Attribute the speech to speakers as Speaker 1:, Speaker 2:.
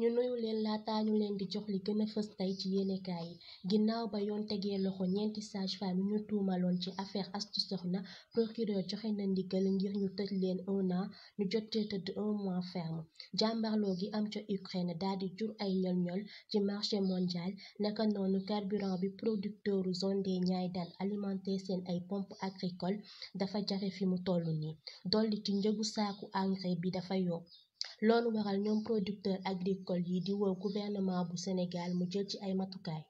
Speaker 1: ñu nuyu leen laata ñu leen di jox li gën a fës tey ci yéenekaay yi ginnaaw ba yoon tegee loxo ñeenti sage-femme ñu tuumaloon ci affaire Astou Sokhna procureur joxe na ndigal ngir ñu tëj leen un an ñu jotee tëdd un mois ferme jàmbarloo gi am ca Ukraine daal di jur ay ñol-ñol ci marché mondial naka noonu carburant bi producteuru zone des Niayes dal alimenter seen ay pompe agricole dafa jafe fi mu toll nii dolli ci njëgu saaku engrais bi dafa yokk loolu waral ñoom producteurs agricoles yi di woo gouvernement bu Sénégal mu jël ci ay
Speaker 2: matukaay